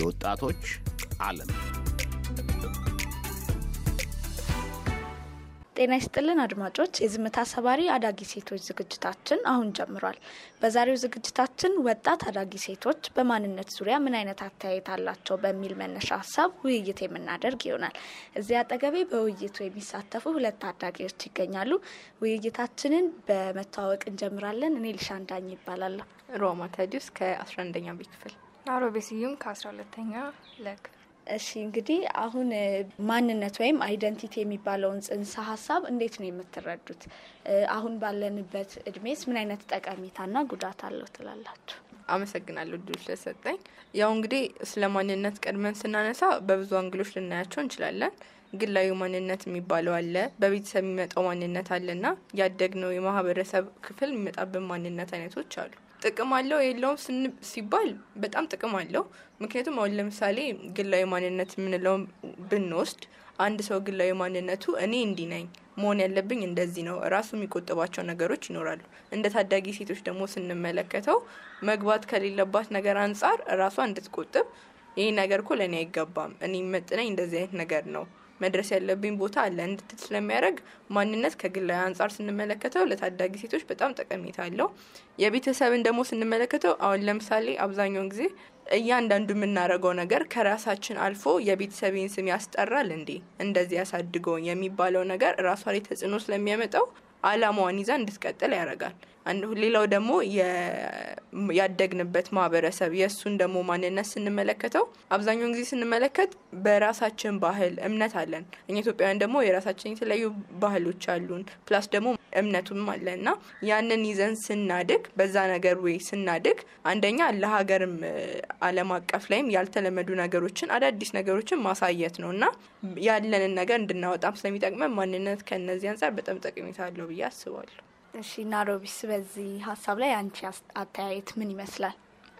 የወጣቶች ዓለም ጤና ይስጥልን አድማጮች፣ የዝምታ ሰባሪ አዳጊ ሴቶች ዝግጅታችን አሁን ጀምሯል። በዛሬው ዝግጅታችን ወጣት አዳጊ ሴቶች በማንነት ዙሪያ ምን አይነት አተያየት አላቸው በሚል መነሻ ሀሳብ ውይይት የምናደርግ ይሆናል። እዚህ አጠገቤ በውይይቱ የሚሳተፉ ሁለት አዳጊዎች ይገኛሉ። ውይይታችንን በመተዋወቅ እንጀምራለን። እኔ ልሻንዳኝ ይባላለሁ። ሮማ ተዲስ ከ11ኛ ክፍል አሮቤ ስዩም ከ12ተኛ እሺ እንግዲህ አሁን ማንነት ወይም አይደንቲቲ የሚባለውን ጽንሰ ሀሳብ እንዴት ነው የምትረዱት? አሁን ባለንበት እድሜስ ምን አይነት ጠቀሜታ ና ጉዳት አለው ትላላችሁ? አመሰግናለሁ እድሉ ስለሰጠኝ። ያው እንግዲህ ስለ ማንነት ቀድመን ስናነሳ በብዙ አንግሎች ልናያቸው እንችላለን። ላዩ ማንነት የሚባለው አለ፣ በቤተሰብ የሚመጣው ማንነት አለና ያደግነው የማህበረሰብ ክፍል የሚመጣብን ማንነት አይነቶች አሉ። ጥቅም አለው የለውም ሲባል በጣም ጥቅም አለው። ምክንያቱም አሁን ለምሳሌ ግላዊ ማንነት የምንለውን ብንወስድ አንድ ሰው ግላዊ ማንነቱ እኔ እንዲህ ነኝ መሆን ያለብኝ እንደዚህ ነው፣ ራሱ የሚቆጥባቸው ነገሮች ይኖራሉ። እንደ ታዳጊ ሴቶች ደግሞ ስንመለከተው መግባት ከሌለባት ነገር አንጻር ራሷ እንድትቆጥብ ይህ ነገር እኮ ለእኔ አይገባም፣ እኔ የሚመጥነኝ እንደዚህ አይነት ነገር ነው መድረስ ያለብኝ ቦታ አለ እንድትል ስለሚያደርግ ማንነት ከግላዊ አንጻር ስንመለከተው ለታዳጊ ሴቶች በጣም ጠቀሜታ አለው። የቤተሰብን ደግሞ ስንመለከተው አሁን ለምሳሌ አብዛኛውን ጊዜ እያንዳንዱ የምናደርገው ነገር ከራሳችን አልፎ የቤተሰብን ስም ያስጠራል እንዴ እንደዚህ ያሳድገውን የሚባለው ነገር ራሷ ላይ ተጽዕኖ ስለሚያመጣው አላማዋን ይዛ እንድትቀጥል ያደርጋል። ሌላው ደግሞ ያደግንበት ማህበረሰብ የእሱን ደግሞ ማንነት ስንመለከተው አብዛኛውን ጊዜ ስንመለከት በራሳችን ባህል እምነት አለን። እኛ ኢትዮጵያውያን ደግሞ የራሳችን የተለያዩ ባህሎች አሉን፣ ፕላስ ደግሞ እምነቱም አለ እና ያንን ይዘን ስናድግ በዛ ነገር ወይ ስናድግ አንደኛ ለሀገርም ዓለም አቀፍ ላይም ያልተለመዱ ነገሮችን አዳዲስ ነገሮችን ማሳየት ነው እና ያለንን ነገር እንድናወጣም ስለሚጠቅመን ማንነት ከእነዚህ አንጻር በጣም ጠቀሜታ አለው ብዬ አስባለሁ። እሺ እና ሮቢስ በዚህ ሀሳብ ላይ አንቺ አተያየት ምን ይመስላል?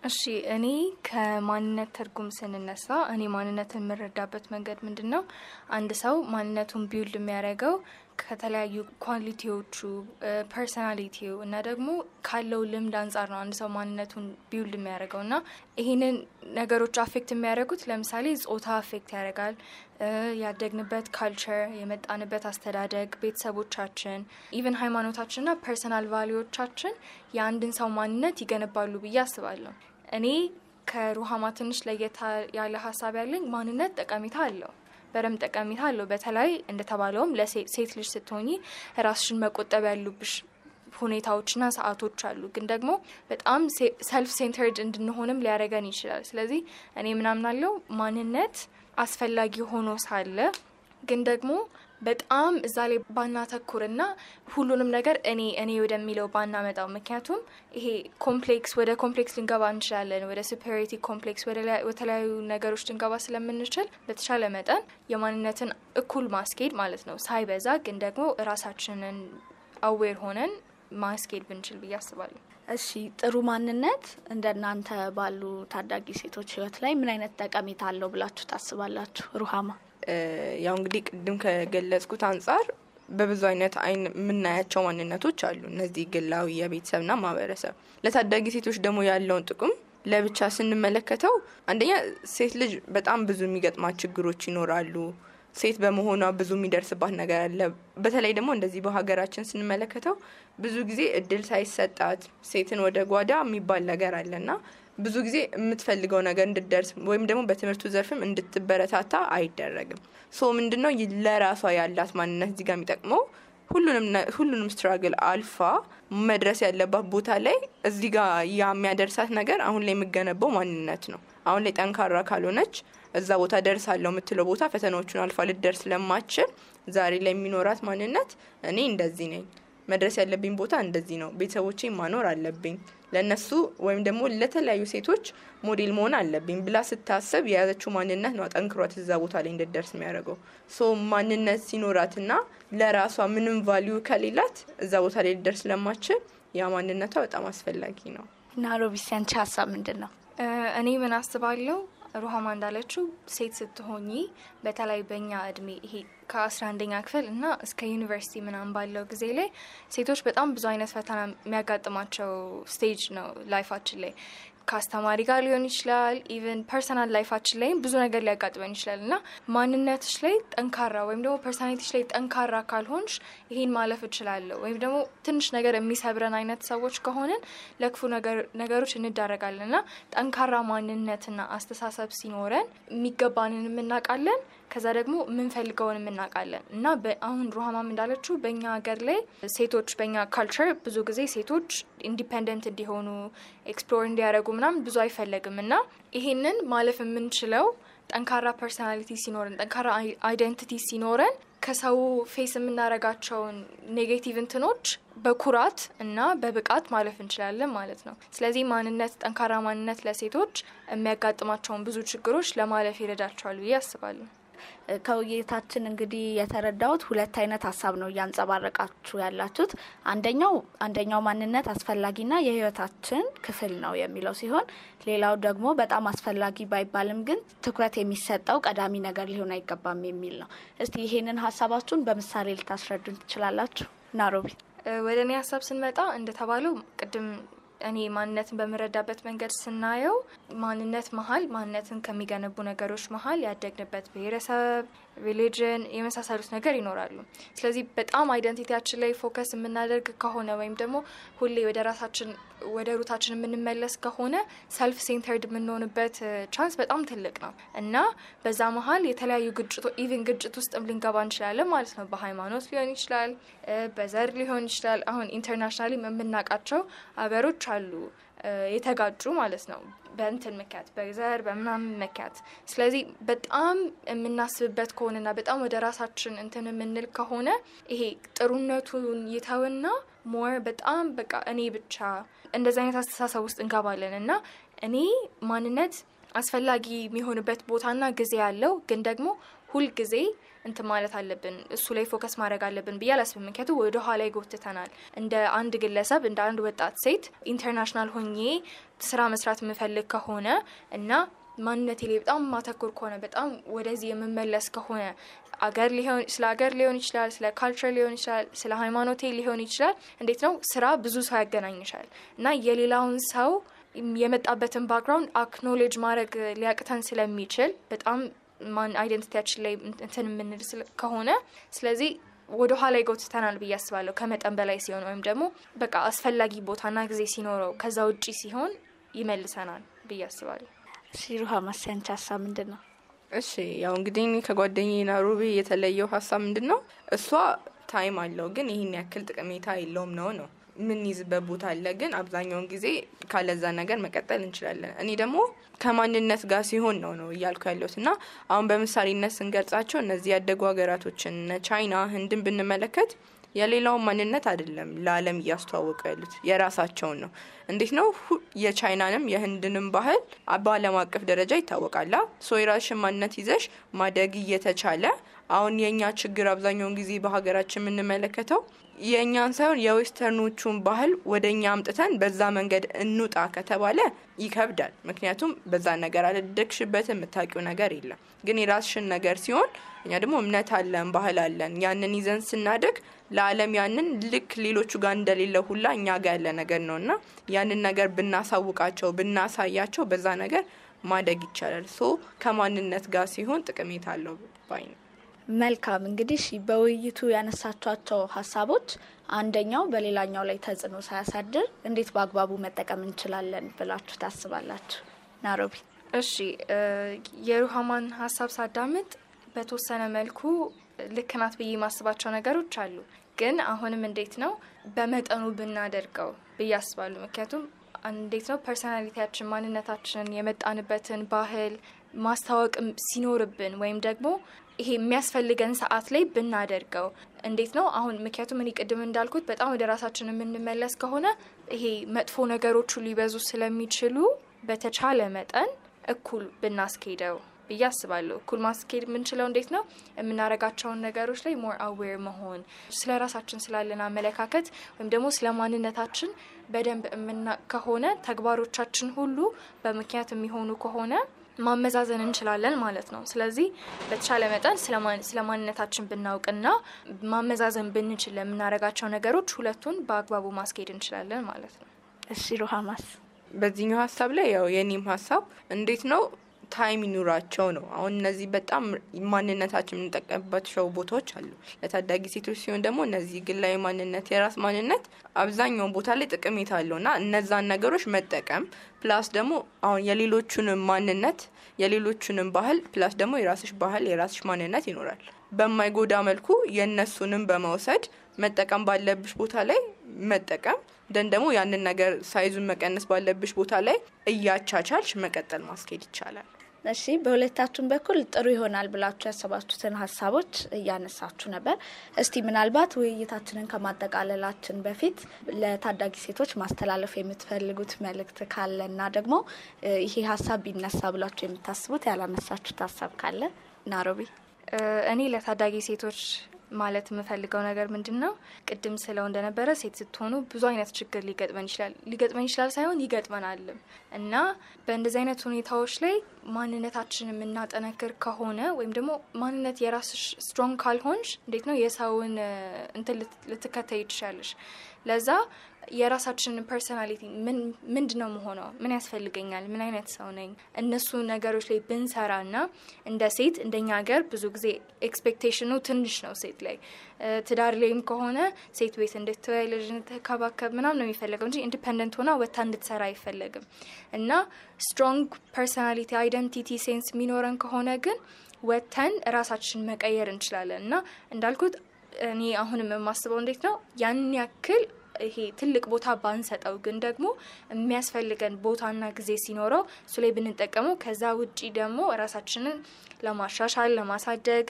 እሺ እኔ ከማንነት ትርጉም ስንነሳ እኔ ማንነትን የምረዳበት መንገድ ምንድን ነው? አንድ ሰው ማንነቱን ቢውልድ የሚያደርገው ከተለያዩ ኳሊቲዎቹ ፐርሶናሊቲው እና ደግሞ ካለው ልምድ አንጻር ነው አንድ ሰው ማንነቱን ቢውልድ የሚያደርገው እና ይህንን ነገሮች አፌክት የሚያደርጉት ለምሳሌ ጾታ አፌክት ያደርጋል። ያደግንበት ካልቸር፣ የመጣንበት አስተዳደግ፣ ቤተሰቦቻችን፣ ኢቨን ና ፐርሰናል ቫሊዎቻችን የአንድን ሰው ማንነት ይገነባሉ ብዬ አስባለሁ። እኔ ከሩሃማ ትንሽ ለየት ያለ ሀሳብ ያለኝ ማንነት ጠቀሜታ አለው በደንብ ጠቀሜታ አለው። በተለይ እንደተባለውም ለሴት ልጅ ስትሆኚ ራስሽን መቆጠብ ያሉብሽ ሁኔታዎችና ሰዓቶች አሉ። ግን ደግሞ በጣም ሰልፍ ሴንተርድ እንድንሆንም ሊያደርገን ይችላል። ስለዚህ እኔ ምናምናለው ማንነት አስፈላጊ ሆኖ ሳለ ግን ደግሞ በጣም እዛ ላይ ባናተኩርና ሁሉንም ነገር እኔ እኔ ወደሚለው ባናመጣው። ምክንያቱም ይሄ ኮምፕሌክስ ወደ ኮምፕሌክስ ልንገባ እንችላለን፣ ወደ ሱፐሪቲ ኮምፕሌክስ፣ ወደተለያዩ ነገሮች ልንገባ ስለምንችል በተቻለ መጠን የማንነትን እኩል ማስኬድ ማለት ነው፣ ሳይበዛ ግን ደግሞ እራሳችንን አዌር ሆነን ማስኬድ ብንችል ብዬ አስባለሁ። እሺ ጥሩ ማንነት እንደ እናንተ ባሉ ታዳጊ ሴቶች ህይወት ላይ ምን አይነት ጠቀሜታ አለው ብላችሁ ታስባላችሁ? ሩሃማ ያው እንግዲህ ቅድም ከገለጽኩት አንጻር በብዙ አይነት አይን የምናያቸው ማንነቶች አሉ። እነዚህ ግላዊ፣ የቤተሰብና ማህበረሰብ። ለታዳጊ ሴቶች ደግሞ ያለውን ጥቅም ለብቻ ስንመለከተው አንደኛ ሴት ልጅ በጣም ብዙ የሚገጥማት ችግሮች ይኖራሉ። ሴት በመሆኗ ብዙ የሚደርስባት ነገር አለ። በተለይ ደግሞ እንደዚህ በሀገራችን ስንመለከተው ብዙ ጊዜ እድል ሳይሰጣት ሴትን ወደ ጓዳ የሚባል ነገር አለና ብዙ ጊዜ የምትፈልገው ነገር እንድትደርስ ወይም ደግሞ በትምህርቱ ዘርፍም እንድትበረታታ አይደረግም። ሶ ምንድነው ለራሷ ያላት ማንነት እዚጋ የሚጠቅመው ሁሉንም ስትራግል አልፋ መድረስ ያለባት ቦታ ላይ እዚህ ጋር የሚያደርሳት ነገር አሁን ላይ የምገነበው ማንነት ነው። አሁን ላይ ጠንካራ ካልሆነች እዛ ቦታ ደርሳለሁ የምትለው ቦታ ፈተናዎቹን አልፋ ልደርስ ለማችል ዛሬ ላይ የሚኖራት ማንነት እኔ እንደዚህ ነኝ፣ መድረስ ያለብኝ ቦታ እንደዚህ ነው፣ ቤተሰቦቼ ማኖር አለብኝ ለእነሱ ወይም ደግሞ ለተለያዩ ሴቶች ሞዴል መሆን አለብኝ ብላ ስታሰብ የያዘችው ማንነት ነው አጠንክሯት እዛ ቦታ ላይ እንደደርስ የሚያደርገው። ሶ ማንነት ሲኖራትና ለራሷ ምንም ቫሊዩ ከሌላት እዛ ቦታ ላይ ልደርስ ለማችል ያ ማንነቷ በጣም አስፈላጊ ነው። እና ሀሳብ ምንድን ነው? እኔ ምን አስባለሁ ሩሃማ እንዳለችው ሴት ስትሆኚ በተለይ በእኛ እድሜ ይሄ ከአስራ አንደኛ ክፍል እና እስከ ዩኒቨርሲቲ ምናምን ባለው ጊዜ ላይ ሴቶች በጣም ብዙ አይነት ፈተና የሚያጋጥማቸው ስቴጅ ነው ላይፋችን ላይ ከአስተማሪ ጋር ሊሆን ይችላል። ኢቨን ፐርሰናል ላይፋችን ላይም ብዙ ነገር ሊያጋጥመን ይችላል እና ማንነትሽ ላይ ጠንካራ ወይም ደግሞ ፐርሰናሊቲሽ ላይ ጠንካራ ካልሆንሽ ይሄን ማለፍ እችላለሁ ወይም ደግሞ ትንሽ ነገር የሚሰብረን አይነት ሰዎች ከሆንን ለክፉ ነገሮች እንዳረጋለን እና ጠንካራ ማንነትና አስተሳሰብ ሲኖረን የሚገባንን እናውቃለን። ከዛ ደግሞ የምንፈልገውን የምናውቃለን እና አሁን ሩሃማም እንዳለችው በእኛ ሀገር ላይ ሴቶች በእኛ ካልቸር ብዙ ጊዜ ሴቶች ኢንዲፐንደንት እንዲሆኑ ኤክስፕሎር እንዲያደረጉ ምናምን ብዙ አይፈለግም እና ይሄንን ማለፍ የምንችለው ጠንካራ ፐርሶናሊቲ ሲኖረን፣ ጠንካራ አይደንቲቲ ሲኖረን ከሰው ፌስ የምናደርጋቸውን ኔጌቲቭ እንትኖች በኩራት እና በብቃት ማለፍ እንችላለን ማለት ነው። ስለዚህ ማንነት፣ ጠንካራ ማንነት ለሴቶች የሚያጋጥማቸውን ብዙ ችግሮች ለማለፍ ይረዳቸዋል ብዬ አስባለሁ። ከውይይታችን እንግዲህ የተረዳሁት ሁለት አይነት ሀሳብ ነው እያንጸባረቃችሁ ያላችሁት። አንደኛው አንደኛው ማንነት አስፈላጊና የህይወታችን ክፍል ነው የሚለው ሲሆን ሌላው ደግሞ በጣም አስፈላጊ ባይባልም ግን ትኩረት የሚሰጠው ቀዳሚ ነገር ሊሆን አይገባም የሚል ነው። እስቲ ይሄንን ሀሳባችሁን በምሳሌ ልታስረዱን ትችላላችሁ? ናሮቢ ወደ እኔ ሀሳብ ስንመጣ እንደተባለው ቅድም እኔ ማንነትን በምረዳበት መንገድ ስናየው ማንነት መሀል ማንነትን ከሚገነቡ ነገሮች መሀል ያደግንበት ብሔረሰብ፣ ሪሊጅን የመሳሰሉት ነገር ይኖራሉ። ስለዚህ በጣም አይደንቲቲያችን ላይ ፎከስ የምናደርግ ከሆነ ወይም ደግሞ ሁሌ ወደ ራሳችን ወደ ሩታችን የምንመለስ ከሆነ ሰልፍ ሴንተርድ የምንሆንበት ቻንስ በጣም ትልቅ ነው እና በዛ መሀል የተለያዩ ግጭቶ ኢቭን ግጭት ውስጥም ልንገባ እንችላለን ማለት ነው። በሃይማኖት ሊሆን ይችላል፣ በዘር ሊሆን ይችላል። አሁን ኢንተርናሽናሊ የምናውቃቸው አገሮች አሉ የተጋጩ ማለት ነው በእንትን ምክንያት በዘር በምናምን ምክንያት። ስለዚህ በጣም የምናስብበት ከሆነና በጣም ወደ ራሳችን እንትን የምንል ከሆነ ይሄ ጥሩነቱን ይተውና ሞር በጣም በቃ እኔ ብቻ እንደዚህ አይነት አስተሳሰብ ውስጥ እንገባለን እና እኔ ማንነት አስፈላጊ የሚሆንበት ቦታና ጊዜ ያለው ግን ደግሞ ሁልጊዜ እንት ማለት አለብን፣ እሱ ላይ ፎከስ ማድረግ አለብን ብዬ አላስብም። ምክንያቱ ወደ ኋላ ይጎትተናል። እንደ አንድ ግለሰብ፣ እንደ አንድ ወጣት ሴት ኢንተርናሽናል ሆኜ ስራ መስራት የምፈልግ ከሆነ እና ማንነቴ ላይ በጣም ማተኩር ከሆነ በጣም ወደዚህ የምመለስ ከሆነ አገር ሊሆን ስለ አገር ሊሆን ይችላል፣ ስለ ካልቸር ሊሆን ይችላል፣ ስለ ሃይማኖቴ ሊሆን ይችላል። እንዴት ነው ስራ ብዙ ሰው ያገናኝሻል እና የሌላውን ሰው የመጣበትን ባክግራውንድ አክኖሌጅ ማድረግ ሊያቅተን ስለሚችል በጣም ማን አይደንቲቲያችን ላይ እንትን የምንል ከሆነ ስለዚህ ወደ ኋላ ይጎትተናል ብዬ አስባለሁ። ከመጠን በላይ ሲሆን ወይም ደግሞ በቃ አስፈላጊ ቦታና ጊዜ ሲኖረው ከዛ ውጪ ሲሆን ይመልሰናል ብዬ አስባለሁ። እሺ ሩሃ ማስያንቺ ሀሳብ ምንድን ነው? እሺ ያው እንግዲህ ከጓደኛዬ ናይሮቢ የተለየው ሀሳብ ምንድን ነው እሷ ታይም አለው፣ ግን ይህን ያክል ጥቅሜታ የለውም ነው ነው ይዝበት ቦታ አለ፣ ግን አብዛኛውን ጊዜ ካለዛ ነገር መቀጠል እንችላለን። እኔ ደግሞ ከማንነት ጋር ሲሆን ነው ነው እያልኩ ያለሁት እና አሁን በምሳሌነት ስንገልጻቸው እነዚህ ያደጉ ሀገራቶችን ቻይና፣ ህንድን ብንመለከት የሌላውን ማንነት አይደለም ለዓለም እያስተዋወቁ ያሉት የራሳቸውን ነው። እንዴት ነው? የቻይናንም የህንድንም ባህል በዓለም አቀፍ ደረጃ ይታወቃላ። ሶ የራስሽን ማንነት ይዘሽ ማደግ እየተቻለ አሁን የእኛ ችግር አብዛኛውን ጊዜ በሀገራችን የምንመለከተው የእኛን ሳይሆን የዌስተርኖቹን ባህል ወደ እኛ አምጥተን በዛ መንገድ እንውጣ ከተባለ ይከብዳል። ምክንያቱም በዛ ነገር አልደግሽበትም፣ የምታውቂው ነገር የለም። ግን የራስሽን ነገር ሲሆን እኛ ደግሞ እምነት አለን፣ ባህል አለን። ያንን ይዘን ስናደግ ለዓለም ያንን ልክ ሌሎቹ ጋር እንደሌለ ሁላ እኛ ጋር ያለ ነገር ነው እና ያንን ነገር ብናሳውቃቸው ብናሳያቸው በዛ ነገር ማደግ ይቻላል። ሶ ከማንነት ጋር ሲሆን ጥቅሜታ አለው ባይ ነው። መልካም እንግዲህ በውይይቱ ያነሳቿቸው ሀሳቦች አንደኛው በሌላኛው ላይ ተጽዕኖ ሳያሳድር እንዴት በአግባቡ መጠቀም እንችላለን ብላችሁ ታስባላችሁ? ናሮቢ እሺ፣ የሩሃማን ሀሳብ ሳዳምጥ በተወሰነ መልኩ ልክ ናት ብዬ የማስባቸው ነገሮች አሉ። ግን አሁንም እንዴት ነው በመጠኑ ብናደርገው ብዬ አስባሉ ምክንያቱም እንዴት ነው ፐርሶናሊቲያችን፣ ማንነታችንን፣ የመጣንበትን ባህል ማስታወቅ ሲኖርብን ወይም ደግሞ ይሄ የሚያስፈልገን ሰዓት ላይ ብናደርገው እንዴት ነው አሁን። ምክንያቱም እኔ ቅድም እንዳልኩት በጣም ወደ ራሳችን የምንመለስ ከሆነ ይሄ መጥፎ ነገሮቹ ሊበዙ ስለሚችሉ በተቻለ መጠን እኩል ብናስኬደው ብዬ አስባለሁ። እኩል ማስኬድ የምንችለው እንዴት ነው? የምናረጋቸውን ነገሮች ላይ ሞር አዌር መሆን፣ ስለ ራሳችን ስላለን አመለካከት ወይም ደግሞ ስለ ማንነታችን በደንብ የምና ከሆነ ተግባሮቻችን ሁሉ በምክንያት የሚሆኑ ከሆነ ማመዛዘን እንችላለን ማለት ነው። ስለዚህ በተቻለ መጠን ስለ ማንነታችን ብናውቅና ማመዛዘን ብንችል ለምናረጋቸው ነገሮች ሁለቱን በአግባቡ ማስኬድ እንችላለን ማለት ነው። እሺ ሩሃማስ፣ በዚህኛው ሀሳብ ላይ ያው የኔም ሀሳብ እንዴት ነው ታይም ይኑራቸው ነው። አሁን እነዚህ በጣም ማንነታችን የምንጠቀምባቸው ቦታዎች አሉ። ለታዳጊ ሴቶች ሲሆን ደግሞ እነዚህ ግላዊ ማንነት፣ የራስ ማንነት አብዛኛውን ቦታ ላይ ጥቅሜታ አለው እና እነዛን ነገሮች መጠቀም ፕላስ ደግሞ አሁን የሌሎቹንም ማንነት የሌሎቹንም ባህል ፕላስ ደግሞ የራስሽ ባህል የራስሽ ማንነት ይኖራል። በማይጎዳ መልኩ የእነሱንም በመውሰድ መጠቀም ባለብሽ ቦታ ላይ መጠቀም ደን ደግሞ ያንን ነገር ሳይዙን መቀነስ ባለብሽ ቦታ ላይ እያቻቻልሽ መቀጠል ማስኬድ ይቻላል። እሺ በሁለታችን በኩል ጥሩ ይሆናል ብላችሁ ያሰባችሁትን ሀሳቦች እያነሳችሁ ነበር። እስቲ ምናልባት ውይይታችንን ከማጠቃለላችን በፊት ለታዳጊ ሴቶች ማስተላለፍ የምትፈልጉት መልእክት ካለ እና ደግሞ ይሄ ሀሳብ ቢነሳ ብላችሁ የምታስቡት ያላነሳችሁት ሀሳብ ካለ ናሮቢ። እኔ ለታዳጊ ሴቶች ማለት የምፈልገው ነገር ምንድን ነው? ቅድም ስለው እንደነበረ ሴት ስትሆኑ ብዙ አይነት ችግር ሊገጥመን ይችላል። ሊገጥመን ይችላል ሳይሆን ይገጥመናልም እና በእንደዚህ አይነት ሁኔታዎች ላይ ማንነታችንን የምናጠነክር ከሆነ ወይም ደግሞ ማንነት የራስሽ ስትሮንግ ካልሆንሽ እንዴት ነው የሰውን እንትን ልትከተይ ትችላለሽ። ለዛ የራሳችንን ፐርሶናሊቲ ምንድን ነው መሆነው፣ ምን ያስፈልገኛል፣ ምን አይነት ሰው ነኝ፣ እነሱ ነገሮች ላይ ብንሰራ ና እንደ ሴት እንደኛ ሀገር ብዙ ጊዜ ኤክስፔክቴሽኑ ትንሽ ነው ሴት ላይ ትዳር ላይም ከሆነ ሴት ቤት እንድትወይ ልጅ እንድትከባከብ ምናምን ነው የሚፈለገው እንጂ ኢንዲፐንደንት ሆና ወታ እንድትሰራ አይፈለግም። እና ስትሮንግ ፐርሶናሊቲ አይደንቲቲ ሴንስ የሚኖረን ከሆነ ግን ወተን ራሳችን መቀየር እንችላለን እና እንዳልኩት እኔ አሁንም የማስበው እንዴት ነው ያን ያክል ይሄ ትልቅ ቦታ ባንሰጠው ግን ደግሞ የሚያስፈልገን ቦታና ጊዜ ሲኖረው እሱ ላይ ብንጠቀመው፣ ከዛ ውጪ ደግሞ ራሳችንን ለማሻሻል ለማሳደግ፣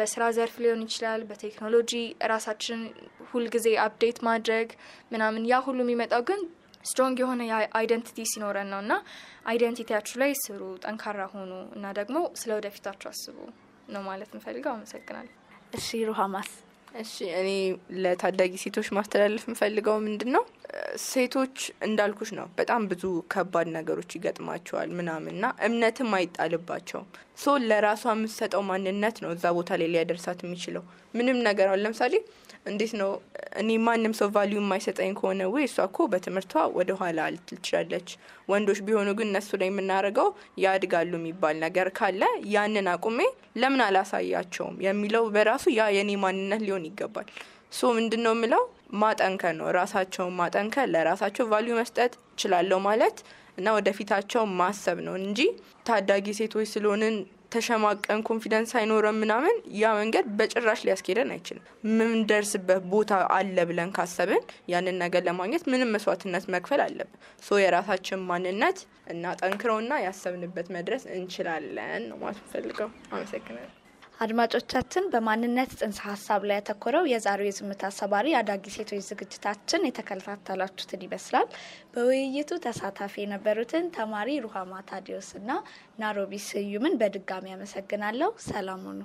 በስራ ዘርፍ ሊሆን ይችላል፣ በቴክኖሎጂ ራሳችን ሁልጊዜ አፕዴት ማድረግ ምናምን፣ ያ ሁሉ የሚመጣው ግን ስትሮንግ የሆነ አይደንቲቲ ሲኖረን ነው። እና አይደንቲቲያችሁ ላይ ስሩ፣ ጠንካራ ሆኑ እና ደግሞ ስለ ወደፊታችሁ አስቡ ነው ማለት ንፈልገው አመሰግናል እሺ ሩሃማስ እሺ እኔ ለታዳጊ ሴቶች ማስተላለፍ የምፈልገው ምንድን ነው፣ ሴቶች እንዳልኩች ነው በጣም ብዙ ከባድ ነገሮች ይገጥማቸዋል ምናምን ና እምነትም አይጣልባቸውም። ሶ ለራሷ የምትሰጠው ማንነት ነው እዛ ቦታ ላይ ሊያደርሳት የሚችለው ምንም ነገር አሁን ለምሳሌ እንዴት ነው እኔ ማንም ሰው ቫሊዩ የማይሰጠኝ ከሆነ ወይ እሷ ኮ በትምህርቷ ወደኋላ ልትል ትችላለች። ወንዶች ቢሆኑ ግን እነሱ ላይ የምናደርገው ያድጋሉ የሚባል ነገር ካለ ያንን አቁሜ ለምን አላሳያቸውም የሚለው በራሱ ያ የኔ ማንነት ሊሆን ይገባል። ሶ ምንድን ነው የምለው ማጠንከር ነው ራሳቸውን ማጠንከር፣ ለራሳቸው ቫሊዩ መስጠት እችላለሁ ማለት እና ወደፊታቸው ማሰብ ነው እንጂ ታዳጊ ሴቶች ስለሆንን ተሸማቀን ኮንፊደንስ አይኖረን ምናምን ያ መንገድ በጭራሽ ሊያስኬደን አይችልም። ምንደርስበት ቦታ አለ ብለን ካሰብን ያንን ነገር ለማግኘት ምንም መስዋዕትነት መክፈል አለብን። ሶ የራሳችን ማንነት እና ጠንክረውና ያሰብንበት መድረስ እንችላለን ነው ማለት ፈልገው። አመሰግናለሁ። አድማጮቻችን በማንነት ጽንሰ ሀሳብ ላይ ያተኮረው የዛሬው የዝምታ ሰባሪ አዳጊ ሴቶች ዝግጅታችን የተከታተላችሁትን ይመስላል። በውይይቱ ተሳታፊ የነበሩትን ተማሪ ሩሃማ ታዲዮስ እና ናሮቢ ስዩምን በድጋሚ ያመሰግናለሁ። ሰላም ሁኑ።